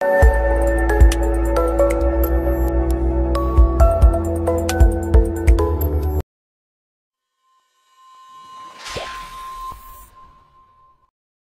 thank you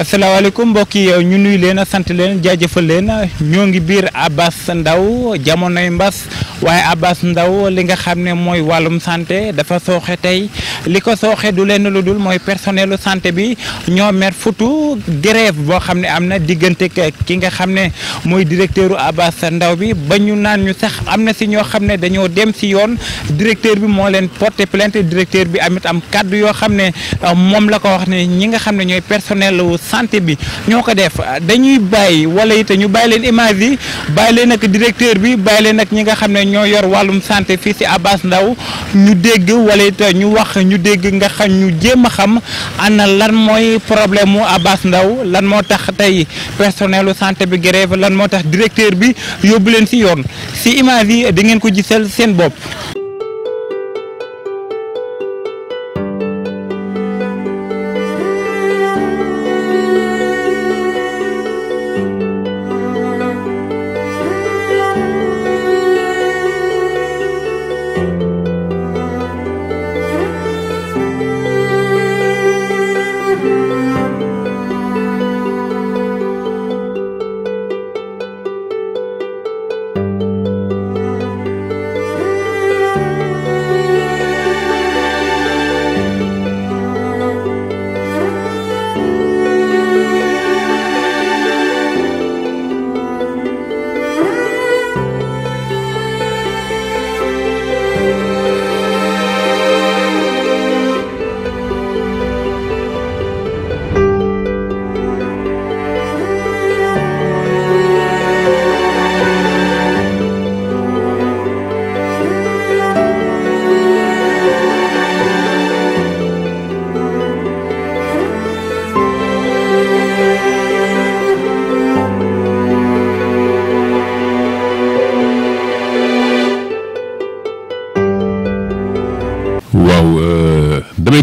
asalaamaaleykum mbokk yi ñu nuyu leen sant leen jaajëfal leen ñoo ngi biir Abass ndaw jamonoy mbas waaye Abass ndaw li nga xam ne mooy wàllum santé dafa sooxe tey li ko sooxe du leen lu dul mooy personnelu santé bi ñoo mer futu grève boo xam ne am na diggante ki nga xam ne mooy directeur Abass Ndao bi ba ñu naan ñu sax am na si ñoo xam ne dañoo dem si yoon directeur bi moo leen porté plainte directeur bi amit am kàddu yoo xam ne moom la ko wax ne ñi nga xam ne ñooy personnel santé bi ñoo ko def dañuy bàyyi wala it ñu bàyyi leen image yi bàyyi leen ak directeur bi bàyyi leen ak ñi nga xam ne ñoo yor wàllum santé fii si Abass ndaw ñu dégg wala it ñu wax ñu dégg nga xam ñu jéem a xam ana lan mooy problème mu Abass Ndao lan moo tax tey personnelu santé bi grève lan moo tax directeur bi yóbbu leen si yoon si image yi di ngeen ko gisal seen bopp.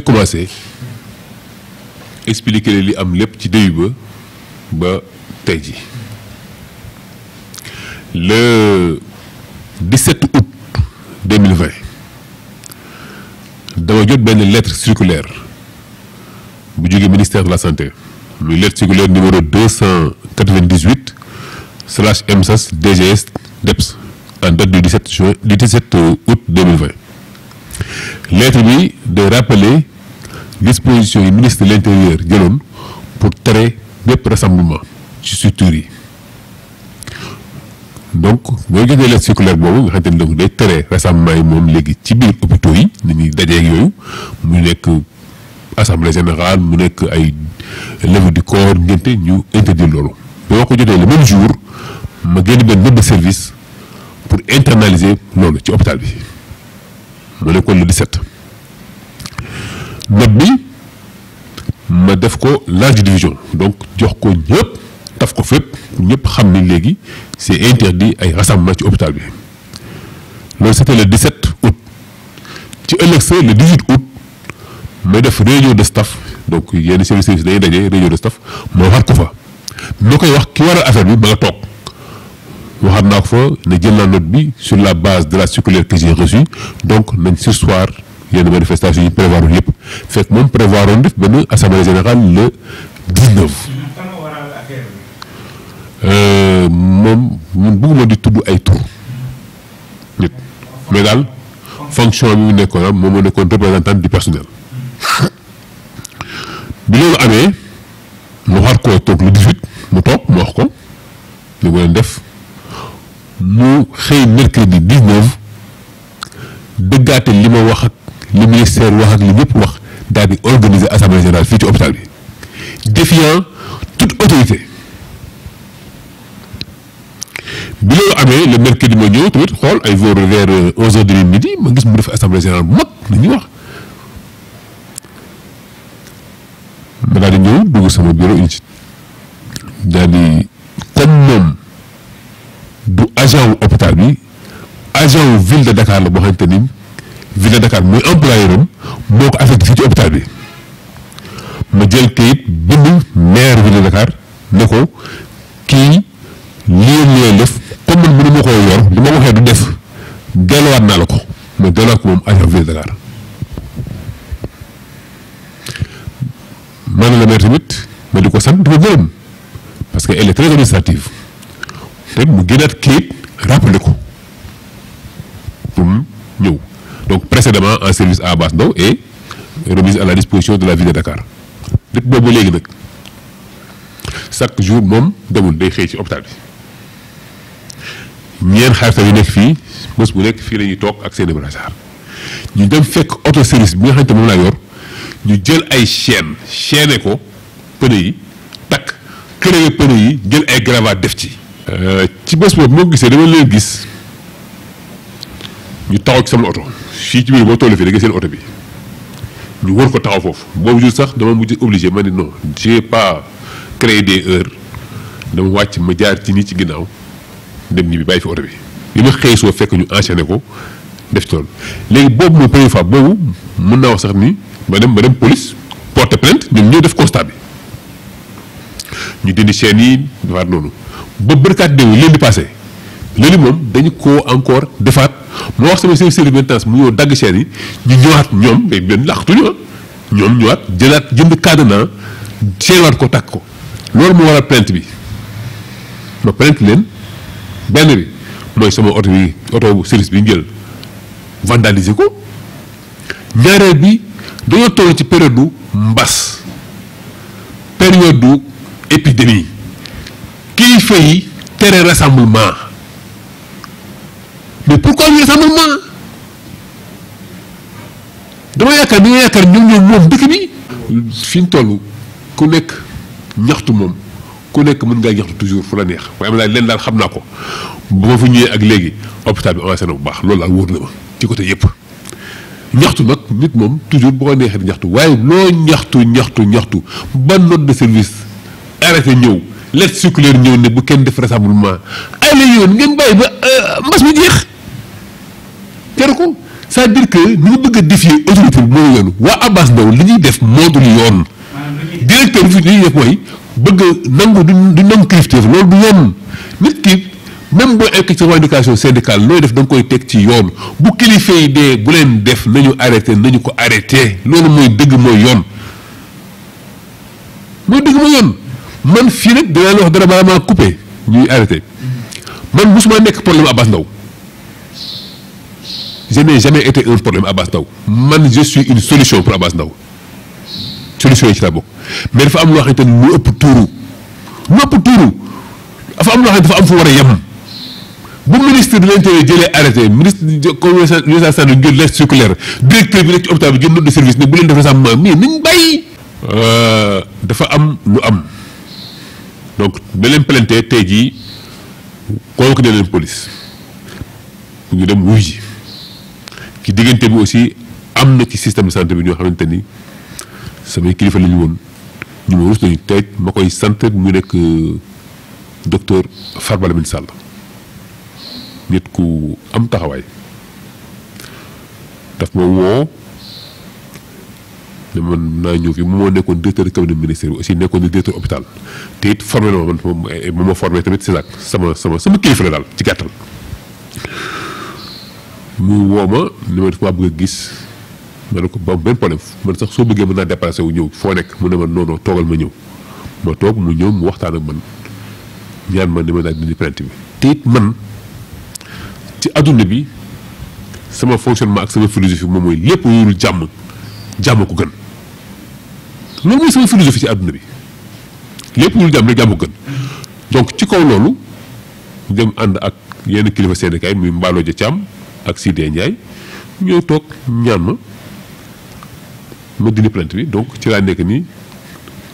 commencé expliquer li am lépp ci début ba ba tey ji le 17 dama jot benn lettre circulaire bu jógee ministère de la santé muy lettre circulaire numéro 298 slash MSAS DGS DEPS en date du juin du 17 lettre bi de rappeler disposition yi ministre de l'intérieur jëloon pour tere bépp rassemblement ci structures yi donc boo gisee la circulaire boobu nga xamante ni donc day tere rassemblement yi moom léegi ci biir hôpitaux yi ni ñuy dajeeg yooyu mu nekk assemblée générale mu nekk ay levée du corps ngénte ñu interdire loolu. ba ma ko jotee le même jour ma génn benn note de service pour internaliser loolu ci hôpital bi mu nekkoon le 17. note bi ma def ko large division donc jox ko ñëpp taf ko fépp ñëpp xam ni léegi c'est interdit ay rassemblement ci hôpital bi loolu c'était le 17 août ci ëllëg sa le 18 août may def réunion de staff donc yenn service service dañuy daje réunion de staff ma waxaat ko fa ma koy wax ki war waral affaire bi ba nga toog waxaat naa ko fa ne jël naa note bi sur la base de la circulaire que j'ai reçue donc nañ sursoir yenn manifestation yi prévoir yëpp fekk moom prévoir woon def benn assemblée générale le euh, moom ñun bëgguma di tudd ay tur nit mais daal fonction bi mu nekkoon am moom moo nekkoon représentant du personnel bi loolu amee mu xar koo toog lu 18 mu toog mu wax ko li mu leen def mu xëy mercredi 19 dëggaate li ma wax li ministère wax ak li ñëpp wax daal di organiser assemblée générale fii ci hôpital bi défiant toute autorité bi loolu amee le mercredi ma ñëw tamit xool ay vóor vers onze heures midi ma gis mu def assemblée générale bu mag la ñuy wax ma daal di ñëw dugg sama bureau unité daal di comme moom du agent wu hôpital bi agent wu ville de Dakar la boo xamante ni ville de Dakar muy employeur am moo ko affecté fii ci hôpital bi ma jël kayit bind maire ville Dakar ne ko kii lii lay def comme man mënu ma koo yor li ma waxee du def delluwaat naa la ko ma delluwaat ko moom agent ville de Dakar maanaam la maire tamit ma di ko sant di ko gërëm parce que elle est très administrative ko. précédemment en service à Abass Ndao et remise à la disposition de la ville de Dakar lépp boobu léegi nag chaque jour moom demul day xëy ci hôpital bi ñeen xaritam yi nekk fii bés bu nekk fii la ñuy toog ak seen i ñu dem fekk oto service bi nga xamante moom laa yor ñu jël ay chaîne chaîne ko pneu yi takk kële pneu yi jël ay gravat def ci. Euh, ci bés boobu moo gisee dama leen gis. ñu taxaw ci sama oto fii ci biir boo tollu fii da nga seen oto bi ñu war ko taxaw foofu boobu jur sax dama mujj obligé ma ne non j'ai pas créé des heures dama wàcc ma jaar ci nii ci ginnaaw dem ñi bi bàyyi fi oto bi li ma xëy soo fekk ñu enchaîné ko def ci léegi boobu mooy première fois boobu mën naa wax sax ni ma dem ma dem police porte plainte ñoom def constat ñu dindi chaîne yi defaat noonu ba bërkaat déewu leen di passé léegi moom dañu koo encore defaat moo wax sama service maintenance mu ñëw dagg ñëwaat ñoom mais benn làqatuñu ah ñoom ñëwaat jëlaat jënd cadenas seewaat ko takk ko loolu moo waral plainte bi ma plainte leen benn bi mooy sama oto bi oto bu service bi ñu vandaliser ko ñaareel bi dañoo toll ci période du mbas période du épidémie kilifa yi tere rassemblement mais pourquoi ñu ressemble moi dama yaakaar bi nga yaakaar ñoom ñoom moom dëkk bi. fi ñu ku nekk ñaxtu moom ku nekk mën ngaa ñaxtu toujours fu la neex waaye am naa leen daal xam naa ko bu ma fa ñëwee ak léegi hôpital bi avancé na bu baax loolu daal wóor na ma ci côté yëpp. ñaxtu nag nit moom toujours bu ko neexee ñaxtu waaye loo ñaxtu ñaxtu ñaxtu ba note de service arrêté ñëw lettre circulaire ñëw ne bu kenn def rassemblement ay la yoon ngeen euh, mbas mi jaru ko c'est-à-dire que ni ñu bëgg a défier autorité bi mooy yoon li ñuy def moo dul yoon directeur bi fi li ñuy def mooy du nangu kilifteef loolu du yoon nit même boo ekk ci revendication def da koy teg ci yoon bu kilifa yi dee bu leen def nañu arrêté nañu ko arrêté loolu mooy dëgg moo yoon mooy dëgg mooy yoon man fii nag dinaa la wax dara balaa maa coupé ñuy arrêté man mosuma nekk problème Abass Ndao je n'ai jamais été un problème Abass Ndao man je suis une solution pour Abass Ndao solution yi ci laa bokk mais dafa am loo xamante ni lu ëpp tuuru am loo xam ne yem bu ministre de l'intérieur jëlee arrêté ministre comme sa san jël lettre circulaire directeur bi nekk ci hôpital bi jël note euh, dafa am lu am donc da leen plainte tey jii convoqué na leen police pour ñu dem wuy ci diggante bi aussi am na ci système de santé bi ñoo xamante ni samay kilifa la ñu woon ñu ma rus nañu tey ma koy sant mu nekk euh, docteur Farba Lamine Sall nit ku am taxawaay daf ma woo ne man naa ñëw fi moo nekkoon directeur cabinet ministère bi aussi nekkoon directeur hôpital te it formé na ma man ma formé tamit CESAC sama sama sama kilifa la daal ci gàttal. mu woo ma ni ma dafa bëgg a gis ma ne ko ba benn problème man sax soo bëggee mën naa déplacé wu ñëw foo nekk mu ne ma non non toogal ma ñëw ma toog mu ñëw mu waxtaan ak man ñaan ma ni ma daal dindi plainte bi. te it man ci adduna bi sama fonctionnement ak sama philosophie moom mooy lépp wóorul jàmm jàmm ko gën loolu mooy ci adduna bi lépp wóorul jàmm rek donc ci kaw loolu dem ànd ak yenn kilifa seen i kaay muy Mballo Dia Thiam. ak Sidé Ndiaye ñoo toog ñaan ma ma dindi plainte bi donc ci laa nekk nii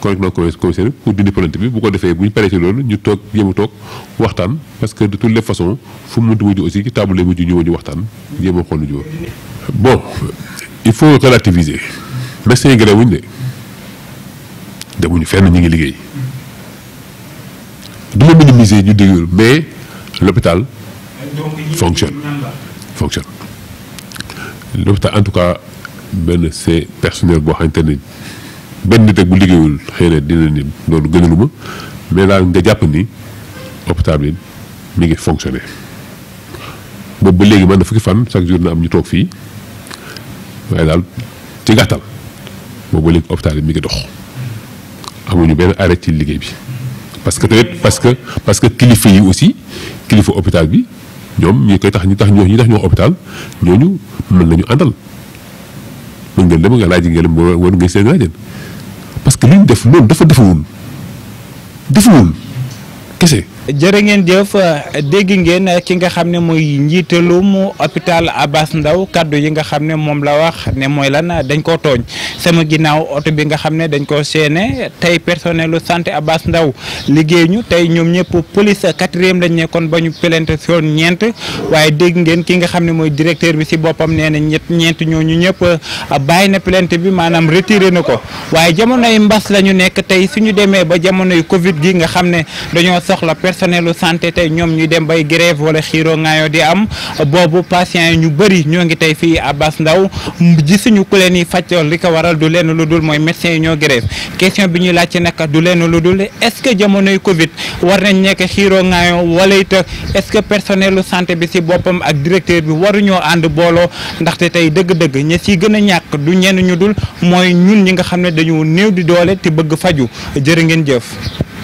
correct na commissaire pour dindi plainte bi bu ko defee bu ñu paree ci loolu ñu toog jéem toog waxtaan parce que de toutes les façons fu mu mënti aussi ci table lay mujj ñëwoon ñu waxtaan jéem a xool lu jubóor bon il faut relativiser médecins yi grèvewuñu de demuñu fenn ñu ngi liggéey du ma mais l'hôpital fonctionne fonctionne l'hôpital en tout cas benn c'est personnel boo xamante ne benn nit ak bu liggéeyul xëy na dina ni loolu gënaluma mais daal nga jàpp ni hôpital bi mu ngi fonctionné boobu léegi man na fukki fan chaque jour na am ñu toog fii waaye daal ci gàttal boobu ba léegi hôpital bi mi ngi dox amuñu benn arrêt ci liggéey bi parce que tamit parce que parce que kilifa yi aussi kilifa hôpital bi ñoom ñi koy tax ñu tax ñi tax ñu wax hôpital ñooñu mën nañu àndal mën ngeen dem nga laaj ngeen dem war nga seen laajeen parce que li ñu def loolu dafa defuwul defuwul kese. jërë ngeen jëf dégg ngeen ki nga xam ne mooy njiitalum hôpital Abass ndaw kaddu yi nga xam ne moom la wax ne mooy lan dañ koo tooñ sama ginnaaw oto bi nga xam ne dañ koo seene tey personnelu santé Abass ndaw liggéey ñu tey ñoom ñëpp police quatrième lañ nekkoon ba ñu plainte soon ñeent waaye dégg ngeen ki nga xam ne mooy directeur bi si boppam nee na ñett ñeent ñooñu ñëpp bàyyi na plainte bi maanaam retiré na ko waaye jamonoy mbas la nekk tey suñu demee ba jamonoy Covid nga xam ne personnel u santé tey ñoom ñuy dem bay grève wala xiiroo ngaayoo di am boobu patients yi ñu bëri ñoo ngi tey fii Abass Ndao ji suñu leen yi faj li ko waral du lenn lu dul mooy médecins yi ñoo grève question bi ñuy laajte nag du leen lu dul est-ce que jamonoy Covid war nañ nekk xiiroo ngaayoo wala it est-ce que personnel u santé bi si boppam ak directeur bi waruñoo ànd booloo ndaxte tey dëgg-dëgg ña ci gën a ñàkk du ñenn ñu dul mooy ñun ñi nga xam ne dañu néew di doole te bëgg faju jërë ngeen jëf